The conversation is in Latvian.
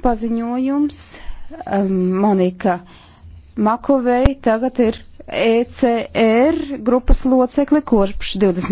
paziņojums. Monika Makovei tagad ir ECR grupas locekli kopš 20.